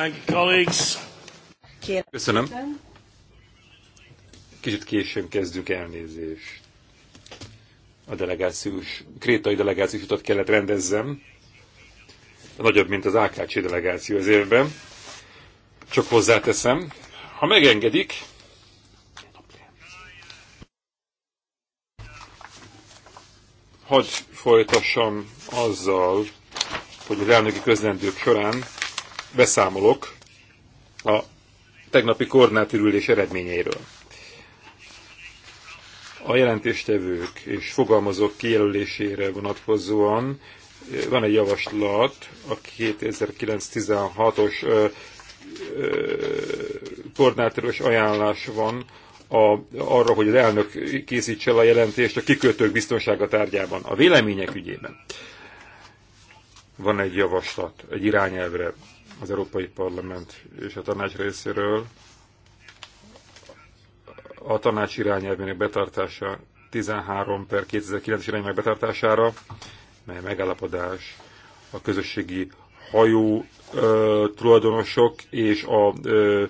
Thank you, colleagues. Köszönöm. Kicsit későn kezdjük elnézést. A delegációs, krétai delegációs utat kellett rendezzem. Nagyobb, mint az AKC delegáció az évben. Csak hozzáteszem. Ha megengedik, hadd folytassam azzal, hogy az elnöki közlendők során beszámolok a tegnapi koordinátorülés eredményeiről. A jelentéstevők és fogalmazók kijelölésére vonatkozóan eh, van egy javaslat a 2009-16-os eh, eh, koordinátoros ajánlás van a, arra, hogy az elnök készítse el a jelentést a kikötők biztonsága tárgyában, a vélemények ügyében. Van egy javaslat, egy irányelvre az Európai Parlament és a tanács részéről a tanács irányelvének betartása 13 per 2009 irányelvének betartására, mely megállapodás a közösségi hajó ö, tulajdonosok és a ö,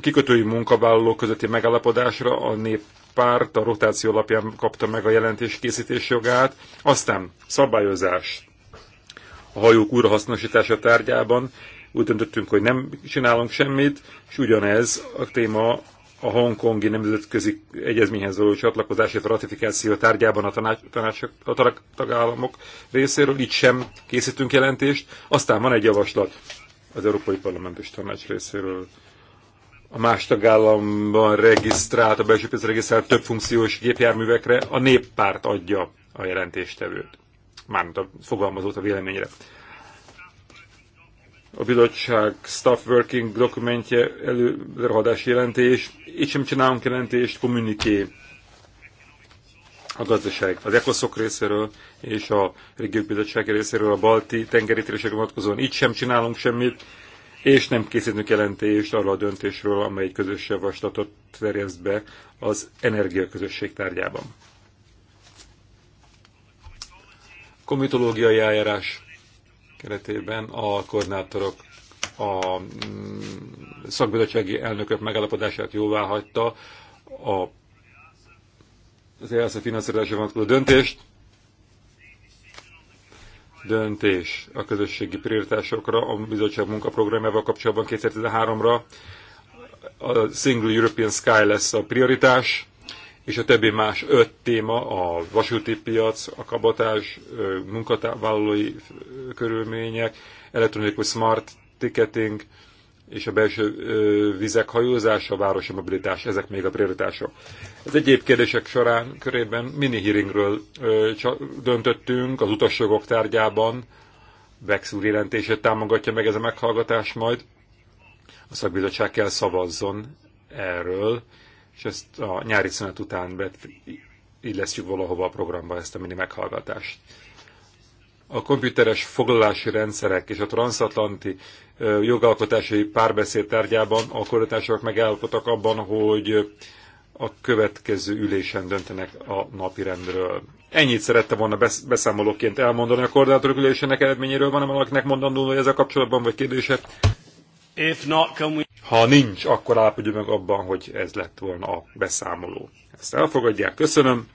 kikötői munkavállalók közötti megállapodásra a néppárt a rotáció alapján kapta meg a jelentés készítés jogát, aztán szabályozás a hajók újrahasznosítása tárgyában. Úgy döntöttünk, hogy nem csinálunk semmit, és ugyanez a téma a hongkongi nemzetközi egyezményhez való csatlakozás, illetve ratifikáció tárgyában a, tanács, tanács, a tarak, tagállamok részéről, itt sem készítünk jelentést. Aztán van egy javaslat az Európai Parlament és Tanács részéről a más tagállamban regisztrált, a belső regisztrált regisztrált funkciós gépjárművekre a néppárt adja a jelentéstevőt mármint a fogalmazót a véleményre. A bizottság staff working dokumentje előrehadás jelentés, itt sem csinálunk jelentést, kommuniké a gazdaság, az ECOSZOK részéről és a Régiók Bizottság részéről a balti tengeri térségre vonatkozóan itt sem csinálunk semmit, és nem készítünk jelentést arra a döntésről, amely közös javaslatot terjeszt be az energiaközösség tárgyában. komitológiai eljárás keretében a koordinátorok a mm, szakbizottsági elnökök megállapodását jóvá hagyta a, az ELSZ finanszírozása vonatkozó döntést, döntés a közösségi prioritásokra, a bizottság munkaprogramjával kapcsolatban 2013-ra. A Single European Sky lesz a prioritás, és a többi más öt téma, a vasúti piac, a kabotás, munkavállalói körülmények, elektronikus smart ticketing, és a belső vizek hajózása, a városi mobilitás, ezek még a prioritások. Az egyéb kérdések során körében mini hearingről döntöttünk az utasjogok tárgyában, Vex úr jelentését támogatja meg ez a meghallgatás majd. A szakbizottság kell szavazzon erről és ezt a nyári szünet után bet, illesztjük valahova a programba ezt a mini meghallgatást. A komputeres foglalási rendszerek és a transatlanti jogalkotási párbeszéd tárgyában a korlátások megállapodtak abban, hogy a következő ülésen döntenek a rendről. Ennyit szerette volna beszámolóként elmondani a koordinátorok ülésének eredményéről, van valakinek mondandó, hogy ezzel kapcsolatban vagy kérdése? If not, can we... Ha nincs, akkor állapodjon meg abban, hogy ez lett volna a beszámoló. Ezt elfogadják, köszönöm.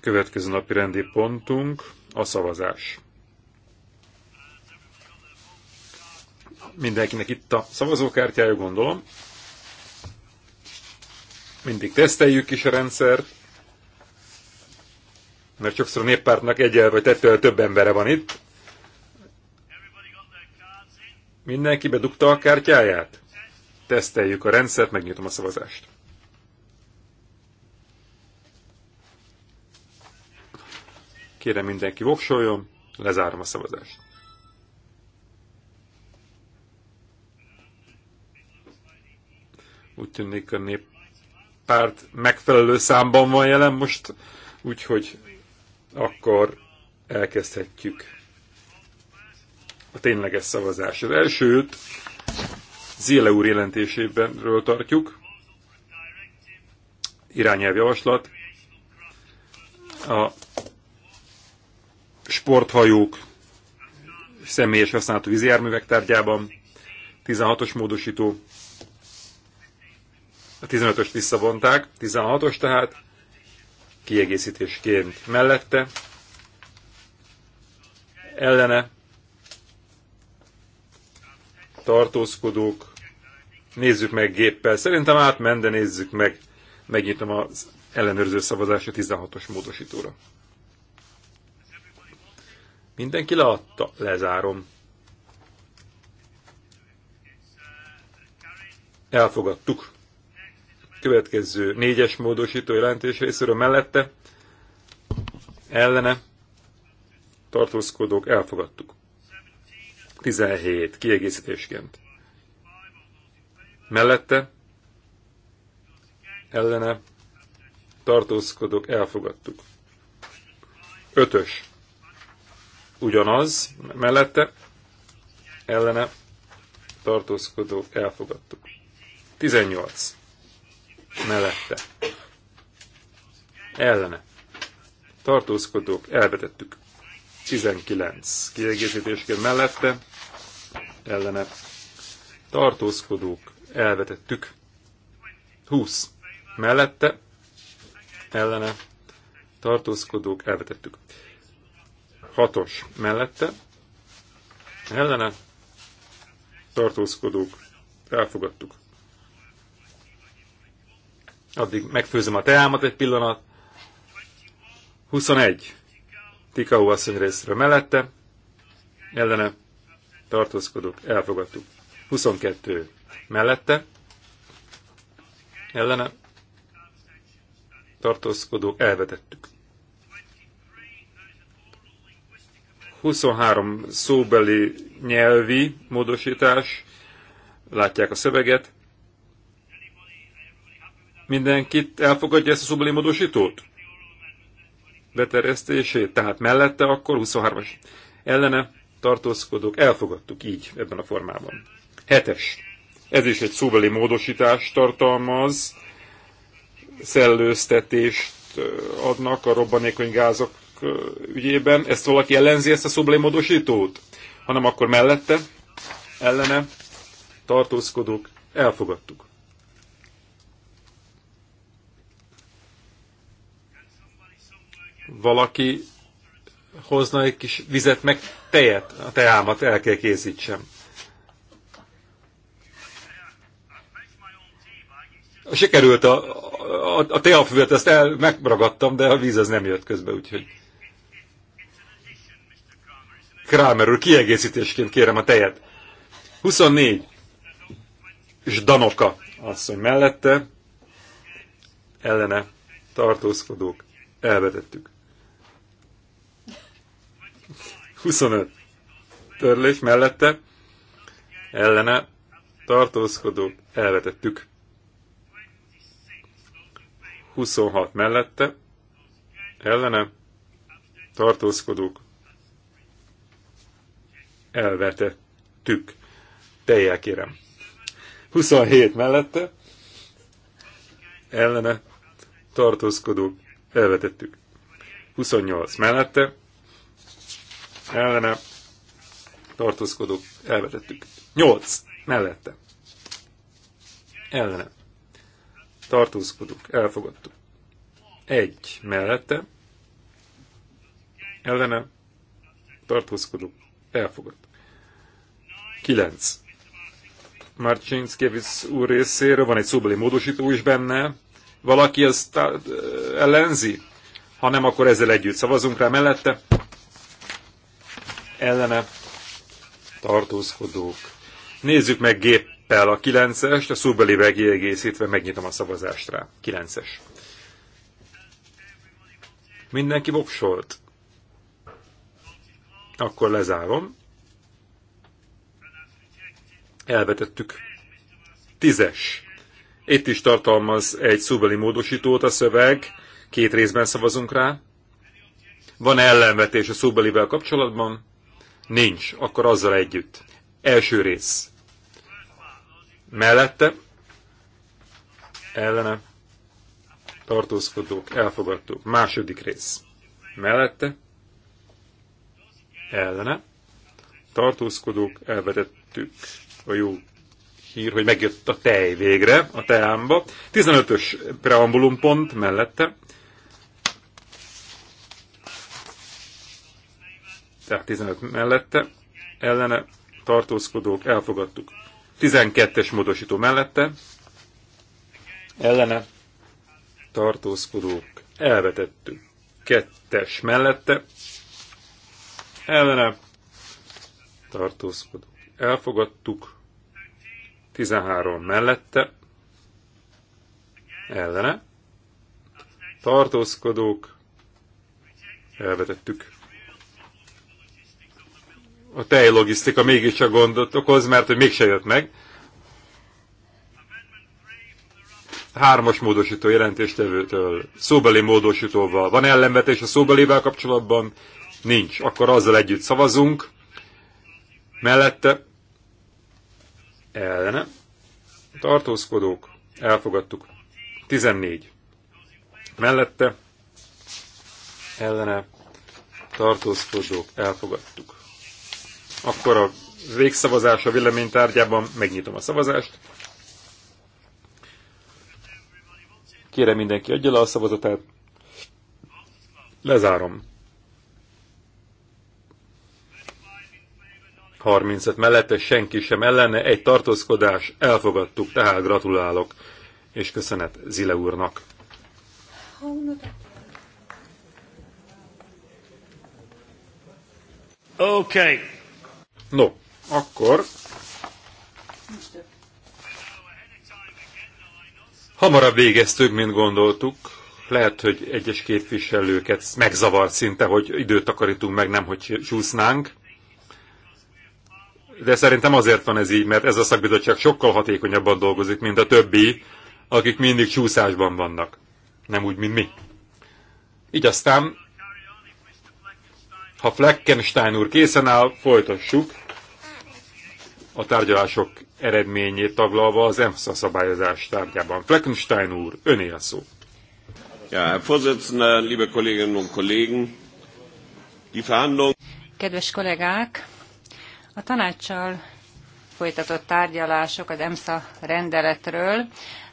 Következő napi rendi pontunk a szavazás. Mindenkinek itt a szavazókártyája, gondolom. Mindig teszteljük is a rendszert mert sokszor a néppártnak egyel vagy ettől több embere van itt. Mindenki bedugta a kártyáját? Teszteljük a rendszert, megnyitom a szavazást. Kérem mindenki voksoljon, lezárom a szavazást. Úgy tűnik a néppárt megfelelő számban van jelen most, úgyhogy akkor elkezdhetjük a tényleges szavazás. Az elsőt Zéle úr jelentéséből tartjuk. Irányelvjavaslat. A sporthajók személyes használatú vízjárművek tárgyában 16-os módosító a 15-öst visszavonták, 16-os tehát kiegészítésként mellette, ellene tartózkodók, nézzük meg géppel. Szerintem átment, de nézzük meg. Megnyitom az ellenőrző szavazás a 16-os módosítóra. Mindenki leadta, lezárom. Elfogadtuk. Következő négyes módosító jelentés részéről mellette, ellene, tartózkodók, elfogadtuk. 17 kiegészítésként. Mellette ellene tartózkodok, elfogadtuk. Ötös. Ugyanaz mellette ellene tartózkodók elfogadtuk. 18. Mellette. Ellene. Tartózkodók elvetettük. 19. Kiegészítésként mellette ellene tartózkodók elvetettük. 20 mellette ellene tartózkodók elvetettük. 6-os mellette ellene tartózkodók elfogadtuk. Addig megfőzöm a teámat egy pillanat. 21. Tikau asszony részről mellette, ellene tartózkodok, elfogadtuk. 22 mellette, ellene, tartózkodók, elvetettük. 23 szóbeli nyelvi módosítás, látják a szöveget. Mindenkit elfogadja ezt a szóbeli módosítót? Beteresztését, tehát mellette akkor 23-as ellene tartózkodók, elfogadtuk így ebben a formában. Hetes. Ez is egy szóbeli módosítást tartalmaz, szellőztetést adnak a robbanékony gázok ügyében. Ezt valaki ellenzi, ezt a szóbeli módosítót? Hanem akkor mellette, ellene tartózkodók, elfogadtuk. Valaki hozna egy kis vizet, meg tejet, a teámat el kell készítsem. Sikerült a, a, a teafüvet, ezt el, megragadtam, de a víz az nem jött közbe, úgyhogy... Kramer úr, kiegészítésként kérem a tejet. 24. és Danoka asszony mellette, ellene tartózkodók, elvetettük. 25 törlés mellette ellene tartózkodók elvetettük. 26 mellette ellene tartózkodók elvetettük. Tejjel kérem. 27 mellette ellene tartózkodók elvetettük. 28 mellette ellene tartózkodók elvetettük. 8 mellette ellene tartózkodók elfogadtuk. 1 mellette ellene tartózkodók elfogadtuk. 9 Marcinkiewicz úr részéről, van egy szóbeli módosító is benne, valaki ezt ellenzi? Ha nem, akkor ezzel együtt szavazunk rá mellette ellene tartózkodók. Nézzük meg géppel a 9-est, a szóbelivel kiegészítve megnyitom a szavazást rá. 9-es. Mindenki voksolt? Akkor lezárom. Elvetettük. Tízes. Itt is tartalmaz egy szóbeli módosítót a szöveg. Két részben szavazunk rá. Van ellenvetés a szóbelivel kapcsolatban? Nincs, akkor azzal együtt. Első rész. Mellette, ellene, tartózkodók, elfogadtuk. Második rész. Mellette, ellene, tartózkodók, elvetettük a jó hír, hogy megjött a tej végre a teámba. 15-ös preambulum pont mellette, tehát 15 mellette, ellene tartózkodók elfogadtuk. 12-es módosító mellette, ellene tartózkodók elvetettük. 2-es mellette, ellene tartózkodók elfogadtuk. 13 mellette, ellene tartózkodók elvetettük a tejlogisztika mégiscsak gondot okoz, mert hogy mégse jött meg. Hármas módosító jelentéstevőtől, szóbeli módosítóval. Van ellenvetés a szóbelével kapcsolatban? Nincs. Akkor azzal együtt szavazunk. Mellette ellene. Tartózkodók. Elfogadtuk. 14. Mellette ellene tartózkodók. Elfogadtuk. Akkor a végszavazás a véleménytárgyában megnyitom a szavazást. Kérem mindenki adja le a szavazatát. Lezárom. 35 mellette senki sem ellene, egy tartózkodás, elfogadtuk, tehát gratulálok, és köszönet Zile úrnak. Okay. No, akkor... Hamarabb végeztük, mint gondoltuk. Lehet, hogy egyes képviselőket megzavart szinte, hogy időt takarítunk meg, nem, hogy csúsznánk. De szerintem azért van ez így, mert ez a szakbizottság sokkal hatékonyabban dolgozik, mint a többi, akik mindig csúszásban vannak. Nem úgy, mint mi. Így aztán, ha Fleckenstein úr készen áll, folytassuk a tárgyalások eredményét taglalva az EMSZA szabályozás tárgyában. Fleckenstein úr, öné a szó. Ja, liebe Kolleginnen und Kollegen, die Verhandlung... Kedves kollégák, a tanácssal folytatott tárgyalások az EMSZA rendeletről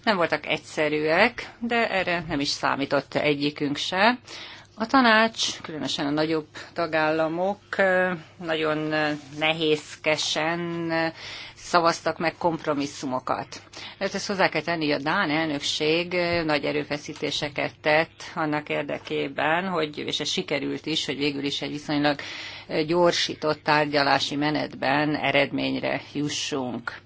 nem voltak egyszerűek, de erre nem is számított egyikünk se. A tanács, különösen a nagyobb tagállamok nagyon nehézkesen szavaztak meg kompromisszumokat. Ezt, ezt hozzá kell tenni, a Dán elnökség nagy erőfeszítéseket tett annak érdekében, hogy, és ez sikerült is, hogy végül is egy viszonylag gyorsított tárgyalási menetben eredményre jussunk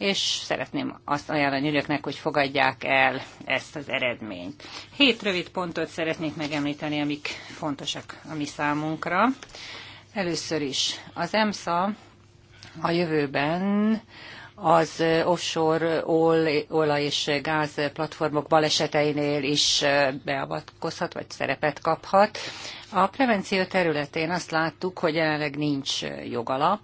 és szeretném azt ajánlani önöknek, hogy fogadják el ezt az eredményt. Hét rövid pontot szeretnék megemlíteni, amik fontosak a mi számunkra. Először is az EMSA a jövőben az offshore olaj és gáz platformok baleseteinél is beavatkozhat, vagy szerepet kaphat. A prevenció területén azt láttuk, hogy jelenleg nincs jogalap,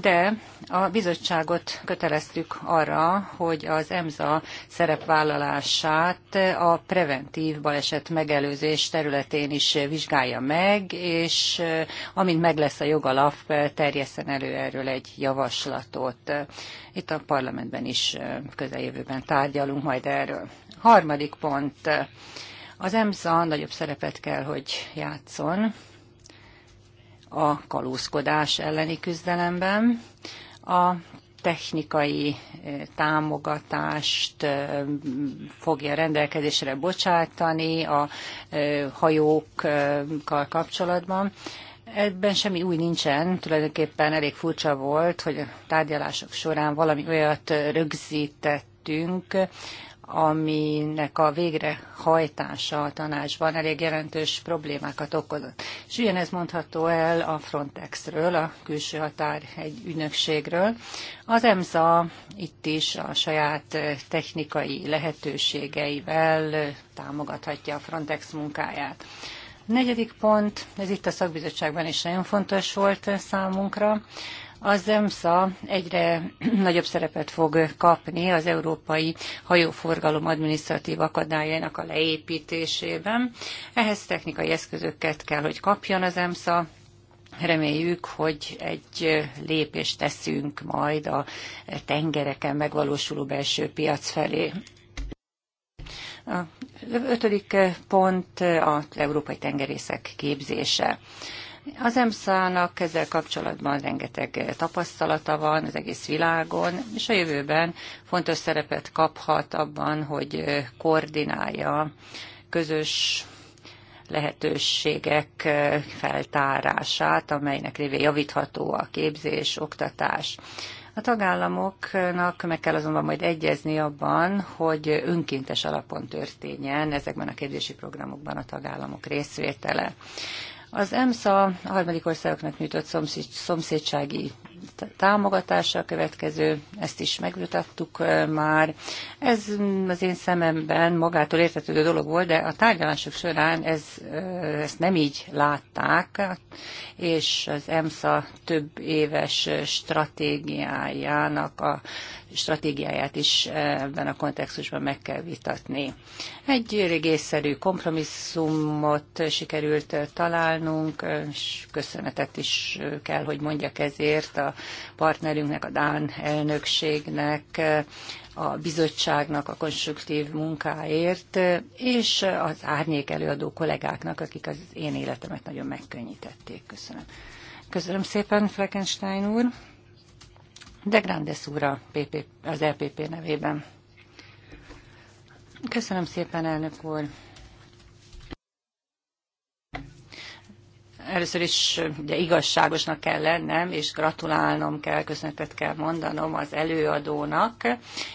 de a bizottságot köteleztük arra, hogy az EMSA szerepvállalását a preventív baleset megelőzés területén is vizsgálja meg, és eh, amint meg lesz a jogalap, eh, terjeszen elő erről egy javaslatot. Itt a parlamentben is eh, közeljövőben tárgyalunk majd erről. Harmadik pont. Az EMSA nagyobb szerepet kell, hogy játszon a kalózkodás elleni küzdelemben, a technikai eh, támogatást eh, fogja rendelkezésre bocsátani a eh, hajókkal kapcsolatban. Ebben semmi új nincsen, tulajdonképpen elég furcsa volt, hogy a tárgyalások során valami olyat rögzített aminek a végrehajtása a tanácsban elég jelentős problémákat okozott. És ugyanez mondható el a Frontexről, a külső határ egy ügynökségről. Az EMSA itt is a saját technikai lehetőségeivel támogathatja a Frontex munkáját. A negyedik pont, ez itt a szakbizottságban is nagyon fontos volt számunkra, az EMSA egyre nagyobb szerepet fog kapni az európai hajóforgalom adminisztratív akadályainak a leépítésében. Ehhez technikai eszközöket kell, hogy kapjon az EMSA, reméljük, hogy egy lépést teszünk majd a tengereken megvalósuló belső piac felé. A ötödik pont az európai tengerészek képzése. Az EMSZ-nak ezzel kapcsolatban rengeteg tapasztalata van az egész világon, és a jövőben fontos szerepet kaphat abban, hogy koordinálja közös lehetőségek feltárását, amelynek révén javítható a képzés, oktatás. A tagállamoknak meg kell azonban majd egyezni abban, hogy önkéntes alapon történjen ezekben a képzési programokban a tagállamok részvétele. Az EMSZA a harmadik országoknak nyújtott szomszédsági támogatása a következő, ezt is megvitattuk már. Ez az én szememben magától értetődő dolog volt, de a tárgyalások során ez, ezt nem így látták, és az EMSZA több éves stratégiájának a stratégiáját is ebben a kontextusban meg kell vitatni. Egy régészszerű kompromisszumot sikerült találnunk, és köszönetet is kell, hogy mondjak ezért a partnerünknek, a Dán elnökségnek, a bizottságnak a konstruktív munkáért, és az árnyék előadó kollégáknak, akik az én életemet nagyon megkönnyítették. Köszönöm. Köszönöm szépen, Fleckenstein úr. De Grandes úr a PP, az LPP e nevében. Köszönöm szépen, elnök úr. Először is ugye igazságosnak kell lennem, és gratulálnom kell, köszönetet kell mondanom az előadónak,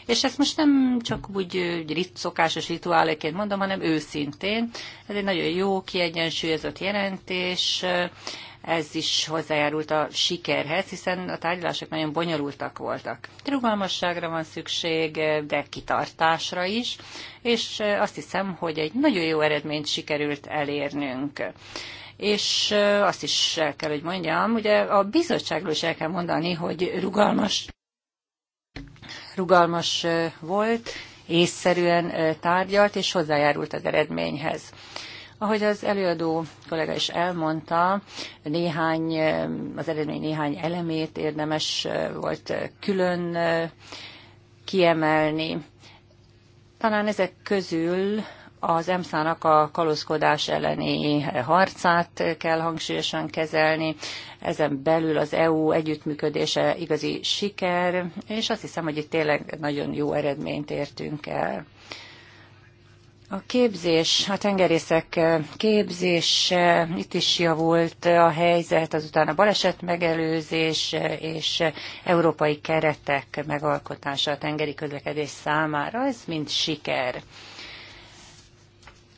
és ezt most nem csak úgy, rit, szokásos rituáléként mondom, hanem őszintén. Ez egy nagyon jó, kiegyensúlyozott jelentés, ez is hozzájárult a sikerhez, hiszen a tárgyalások nagyon bonyolultak voltak. Rugalmasságra van szükség, de kitartásra is, és azt hiszem, hogy egy nagyon jó eredményt sikerült elérnünk és azt is el kell, hogy mondjam, ugye a bizottságról is el kell mondani, hogy rugalmas, rugalmas volt, észszerűen tárgyalt, és hozzájárult az eredményhez. Ahogy az előadó kollega is elmondta, néhány, az eredmény néhány elemét érdemes volt külön kiemelni. Talán ezek közül az EMSZ-nak a kalózkodás elleni harcát kell hangsúlyosan kezelni, ezen belül az EU együttműködése igazi siker, és azt hiszem, hogy itt tényleg nagyon jó eredményt értünk el. A képzés, a tengerészek képzése, itt is javult a helyzet, azután a baleset megelőzés és európai keretek megalkotása a tengeri közlekedés számára, ez mind siker.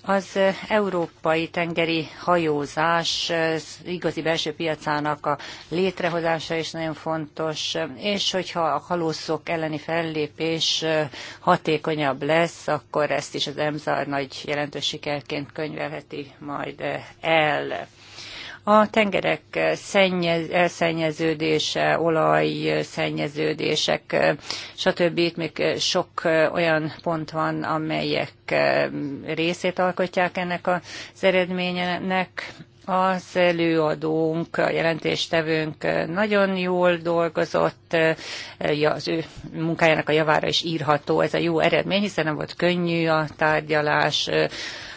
Az európai tengeri hajózás igazi belső piacának a létrehozása is nagyon fontos, és hogyha a halószok elleni fellépés hatékonyabb lesz, akkor ezt is az EMSZAR nagy jelentős sikerként könyvelheti majd el. A tengerek szennyez, elszennyeződése, olaj szennyeződések, stb. Itt még sok olyan pont van, amelyek részét alkotják ennek az eredménynek az előadónk, a jelentéstevőnk nagyon jól dolgozott, az ő munkájának a javára is írható ez a jó eredmény, hiszen nem volt könnyű a tárgyalás,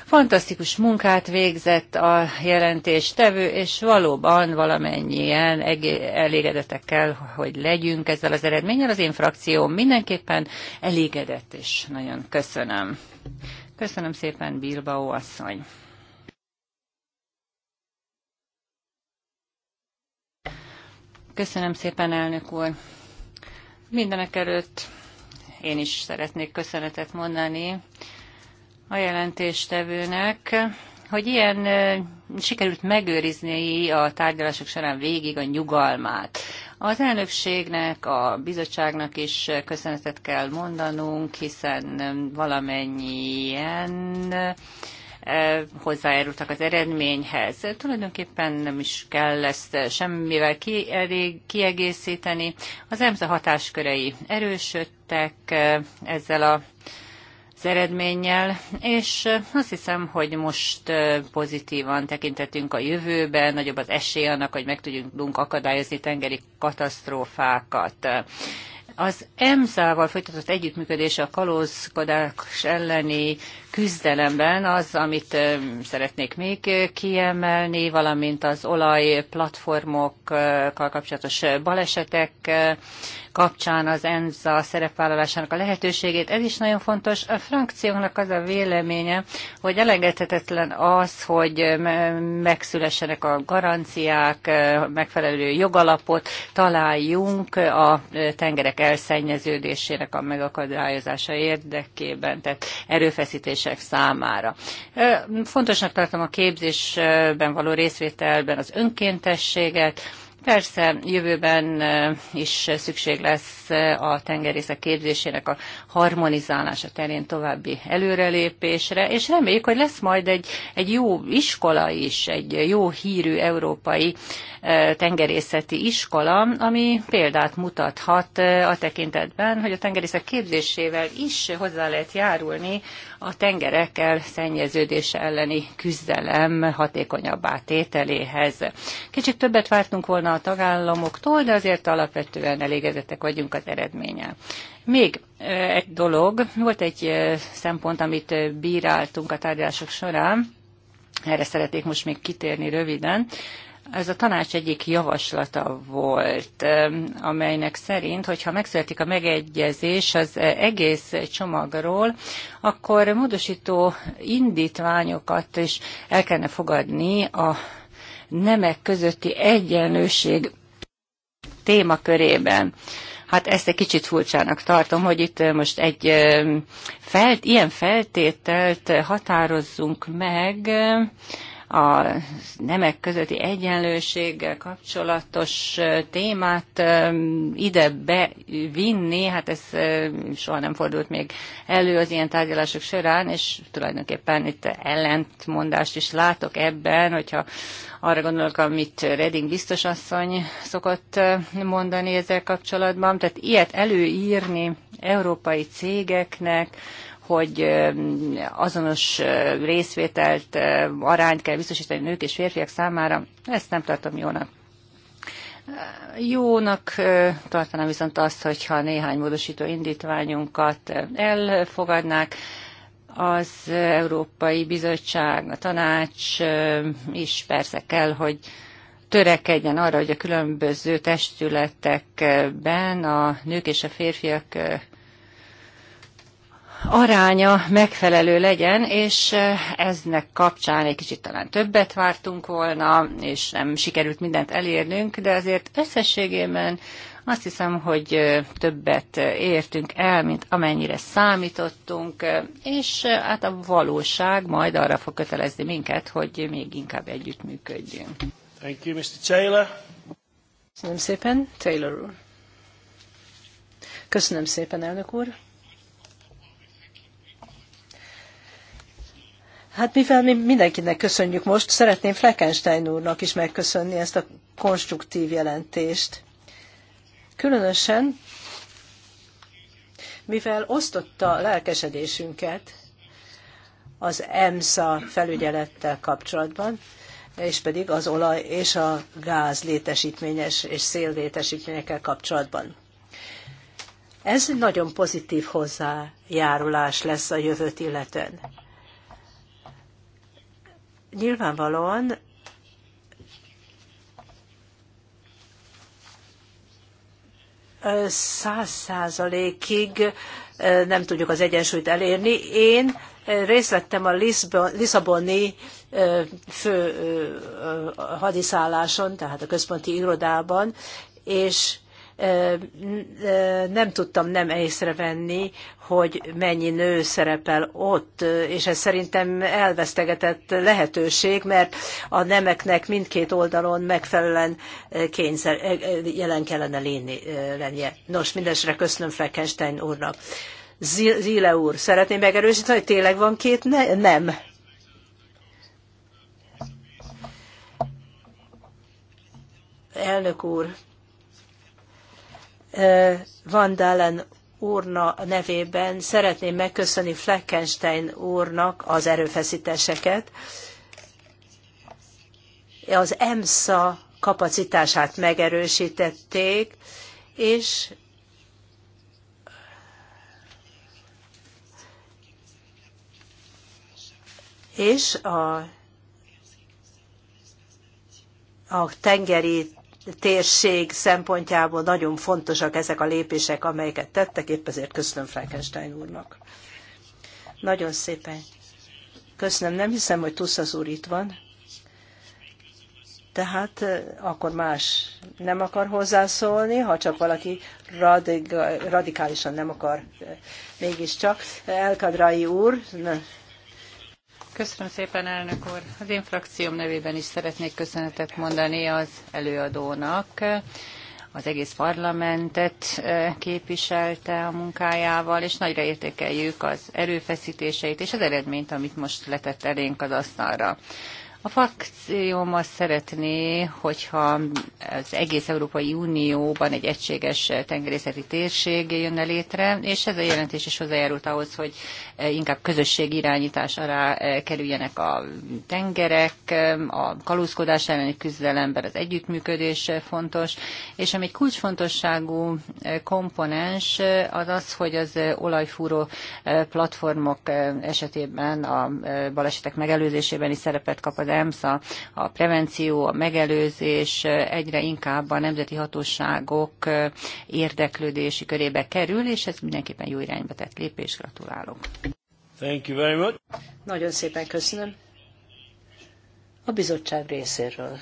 Fantasztikus munkát végzett a jelentéstevő, és valóban valamennyien elégedettek kell, hogy legyünk ezzel az eredménnyel. Az én frakcióm mindenképpen elégedett, és nagyon köszönöm. Köszönöm szépen, Bilbao asszony. Köszönöm szépen, elnök úr. Mindenek előtt én is szeretnék köszönetet mondani a jelentéstevőnek, hogy ilyen sikerült megőrizni a tárgyalások során végig a nyugalmát. Az elnökségnek, a bizottságnak is köszönetet kell mondanunk, hiszen valamennyien hozzájárultak az eredményhez. Tulajdonképpen nem is kell ezt semmivel kiegészíteni. Az EMSZA hatáskörei erősödtek ezzel a az eredménnyel, és azt hiszem, hogy most pozitívan tekintetünk a jövőbe, nagyobb az esély annak, hogy meg tudjunk akadályozni tengeri katasztrófákat. Az EMSZ-val folytatott együttműködés a kalózkodás elleni küzdelemben az, amit szeretnék még kiemelni, valamint az olajplatformokkal kapcsolatos balesetek kapcsán az ENZA szerepvállalásának a lehetőségét. Ez is nagyon fontos. A frakciónak az a véleménye, hogy elengedhetetlen az, hogy megszülessenek a garanciák, megfelelő jogalapot találjunk a tengerek elszennyeződésének a megakadályozása érdekében, tehát erőfeszítés képzések számára. Fontosnak tartom a képzésben való részvételben az önkéntességet, Persze, jövőben is szükség lesz a tengerészek képzésének a harmonizálása terén további előrelépésre, és reméljük, hogy lesz majd egy, egy jó iskola is, egy jó hírű európai tengerészeti iskola, ami példát mutathat a tekintetben, hogy a tengerészek képzésével is hozzá lehet járulni a tengerekkel szennyeződése elleni küzdelem hatékonyabbá tételéhez. Kicsit többet vártunk volna a tagállamoktól, de azért alapvetően elégedettek vagyunk az eredménnyel. Még egy dolog, volt egy szempont, amit bíráltunk a tárgyalások során, erre szeretnék most még kitérni röviden. Ez a tanács egyik javaslata volt, amelynek szerint, hogyha megszületik a megegyezés az egész csomagról, akkor módosító indítványokat is el kellene fogadni a nemek közötti egyenlőség témakörében. Hát ezt egy kicsit furcsának tartom, hogy itt most egy felt, ilyen feltételt határozzunk meg, a nemek közötti egyenlőséggel kapcsolatos témát ide bevinni, hát ez soha nem fordult még elő az ilyen tárgyalások során, és tulajdonképpen itt ellentmondást is látok ebben, hogyha arra gondolok, amit Reding biztos asszony szokott mondani ezzel kapcsolatban. Tehát ilyet előírni európai cégeknek, hogy azonos részvételt, arányt kell biztosítani nők és férfiak számára, ezt nem tartom jónak. Jónak tartanám viszont azt, hogyha néhány módosító indítványunkat elfogadnák, az Európai Bizottság, a tanács is persze kell, hogy törekedjen arra, hogy a különböző testületekben a nők és a férfiak aránya megfelelő legyen, és eh, eznek kapcsán egy kicsit talán többet vártunk volna, és nem sikerült mindent elérnünk, de azért összességében azt hiszem, hogy eh, többet eh, értünk el, mint amennyire számítottunk, és hát a valóság majd arra fog kötelezni minket, hogy még inkább együttműködjünk. Thank you, Mr. Taylor. Köszönöm szépen, Taylor úr. Köszönöm szépen, elnök úr. Hát mivel mi mindenkinek köszönjük most, szeretném Fleckenstein úrnak is megköszönni ezt a konstruktív jelentést. Különösen, mivel osztotta lelkesedésünket az EMSA felügyelettel kapcsolatban, és pedig az olaj és a gáz létesítményes és szél kapcsolatban. Ez egy nagyon pozitív hozzájárulás lesz a jövőt illetően nyilvánvalóan száz százalékig nem tudjuk az egyensúlyt elérni. Én részt vettem a Lisszaboni fő hadiszálláson, tehát a központi irodában, és nem tudtam nem észrevenni, hogy mennyi nő szerepel ott, és ez szerintem elvesztegetett lehetőség, mert a nemeknek mindkét oldalon megfelelően kényszer, jelen kellene lenni, lennie. Nos, mindesre köszönöm Fleckenstein úrnak. Zile úr, szeretném megerősíteni, hogy tényleg van két ne- nem. Elnök úr, van Dalen úrna nevében szeretném megköszönni Fleckenstein úrnak az erőfeszítéseket. Az EMSA kapacitását megerősítették, és és a, a tengeri térség szempontjából nagyon fontosak ezek a lépések, amelyeket tettek, épp ezért köszönöm Frankenstein úrnak. Nagyon szépen köszönöm. Nem hiszem, hogy az úr itt van. Tehát akkor más nem akar hozzászólni, ha csak valaki radik, radikálisan nem akar mégiscsak. Elkadrai úr, Köszönöm szépen, elnök úr. Az én frakcióm nevében is szeretnék köszönetet mondani az előadónak. Az egész parlamentet képviselte a munkájával, és nagyra értékeljük az erőfeszítéseit és az eredményt, amit most letett elénk az asztalra. A frakcióm azt szeretné, hogyha az egész Európai Unióban egy egységes tengerészeti térség jönne létre, és ez a jelentés is hozzájárult ahhoz, hogy inkább közösség irányítás alá eh, kerüljenek a tengerek, eh, a kalózkodás elleni küzdelemben az együttműködés eh, fontos, és ami egy kulcsfontosságú komponens az az, hogy az olajfúró platformok esetében a balesetek megelőzésében is szerepet kap az EMSZ, a, a prevenció, a megelőzés egyre inkább a nemzeti hatóságok érdeklődési körébe kerül, és ez mindenképpen jó irányba tett lépés. Gratulálok! Thank you very much. Nagyon szépen köszönöm. A bizottság részéről.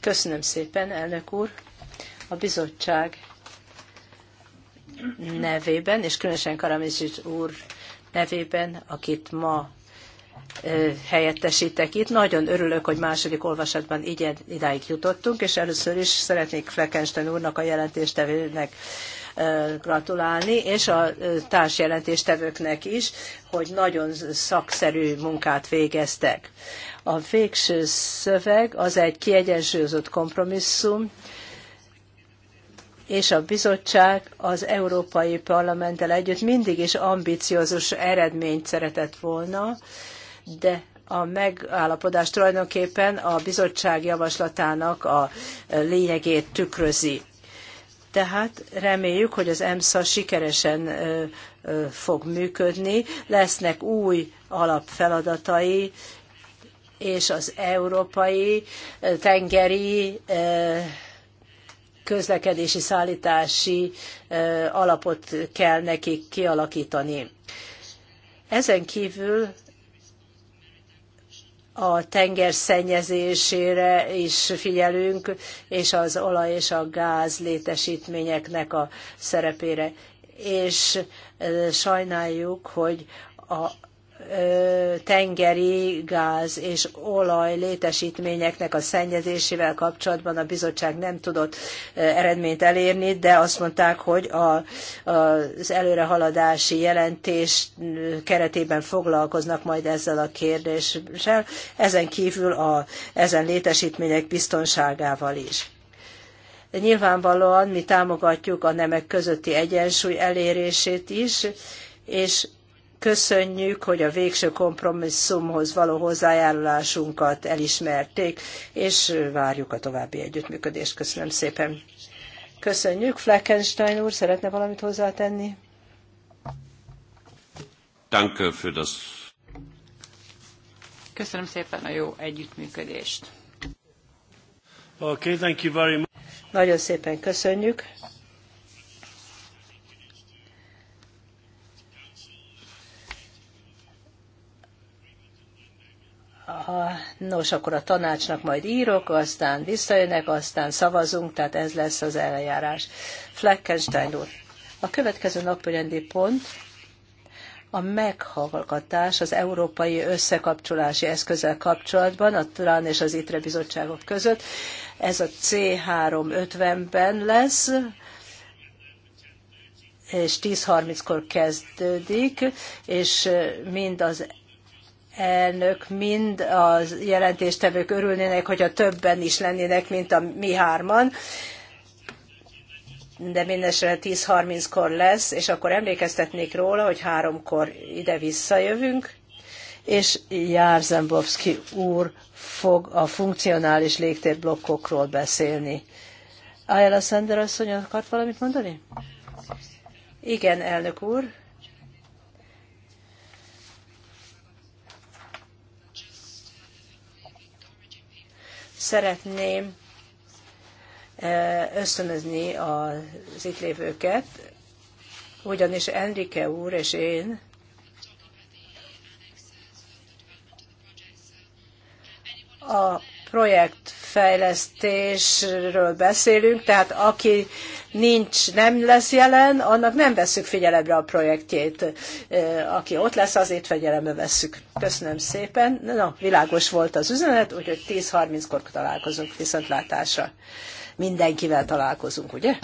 Köszönöm szépen, elnök úr. A bizottság nevében, és különösen Karamizsics úr nevében, akit ma helyettesítek itt. Nagyon örülök, hogy második olvasatban így idáig jutottunk, és először is szeretnék Fleckenstein úrnak a jelentéstevőnek gratulálni, és a társjelentéstevőknek is, hogy nagyon szakszerű munkát végeztek. A végső szöveg az egy kiegyensúlyozott kompromisszum, és a bizottság az Európai Parlamenttel együtt mindig is ambiciózus eredményt szeretett volna, de a megállapodás tulajdonképpen a bizottság javaslatának a lényegét tükrözi. Tehát reméljük, hogy az EMSZA sikeresen fog működni, lesznek új alapfeladatai, és az európai tengeri közlekedési szállítási alapot kell nekik kialakítani. Ezen kívül a tenger szennyezésére is figyelünk, és az olaj és a gáz létesítményeknek a szerepére. És sajnáljuk, hogy a tengeri gáz és olaj létesítményeknek a szennyezésével kapcsolatban a bizottság nem tudott eredményt elérni, de azt mondták, hogy a, az előrehaladási jelentés keretében foglalkoznak majd ezzel a kérdéssel, ezen kívül a, ezen létesítmények biztonságával is. Nyilvánvalóan mi támogatjuk a nemek közötti egyensúly elérését is, és Köszönjük, hogy a végső kompromisszumhoz való hozzájárulásunkat elismerték, és várjuk a további együttműködést. Köszönöm szépen. Köszönjük. Fleckenstein úr, szeretne valamit hozzátenni? Danke für das. Köszönöm szépen a jó együttműködést. Okay, thank you very much. Nagyon szépen köszönjük. nos, akkor a tanácsnak majd írok, aztán visszajönnek, aztán szavazunk, tehát ez lesz az eljárás. Fleckenstein úr. A következő napirendi pont a meghallgatás az európai összekapcsolási eszközzel kapcsolatban a TRAN és az ITRE bizottságok között. Ez a C350-ben lesz, és 10.30-kor kezdődik, és mind az elnök, mind a jelentéstevők örülnének, hogyha többen is lennének, mint a mi hárman de mindesre 10.30-kor lesz, és akkor emlékeztetnék róla, hogy háromkor ide visszajövünk, és Járzembovszki úr fog a funkcionális légtérblokkokról beszélni. Ayala Sender asszony akart valamit mondani? Igen, elnök úr. Szeretném e, ösztönözni az itt lévőket, ugyanis Enrique úr és én a projektfejlesztésről beszélünk, tehát aki nincs, nem lesz jelen, annak nem veszük figyelembe a projektjét. Aki ott lesz, azért figyelembe vesszük. Köszönöm szépen. Na, világos volt az üzenet, úgyhogy 10.30-kor találkozunk viszontlátásra. Mindenkivel találkozunk, ugye?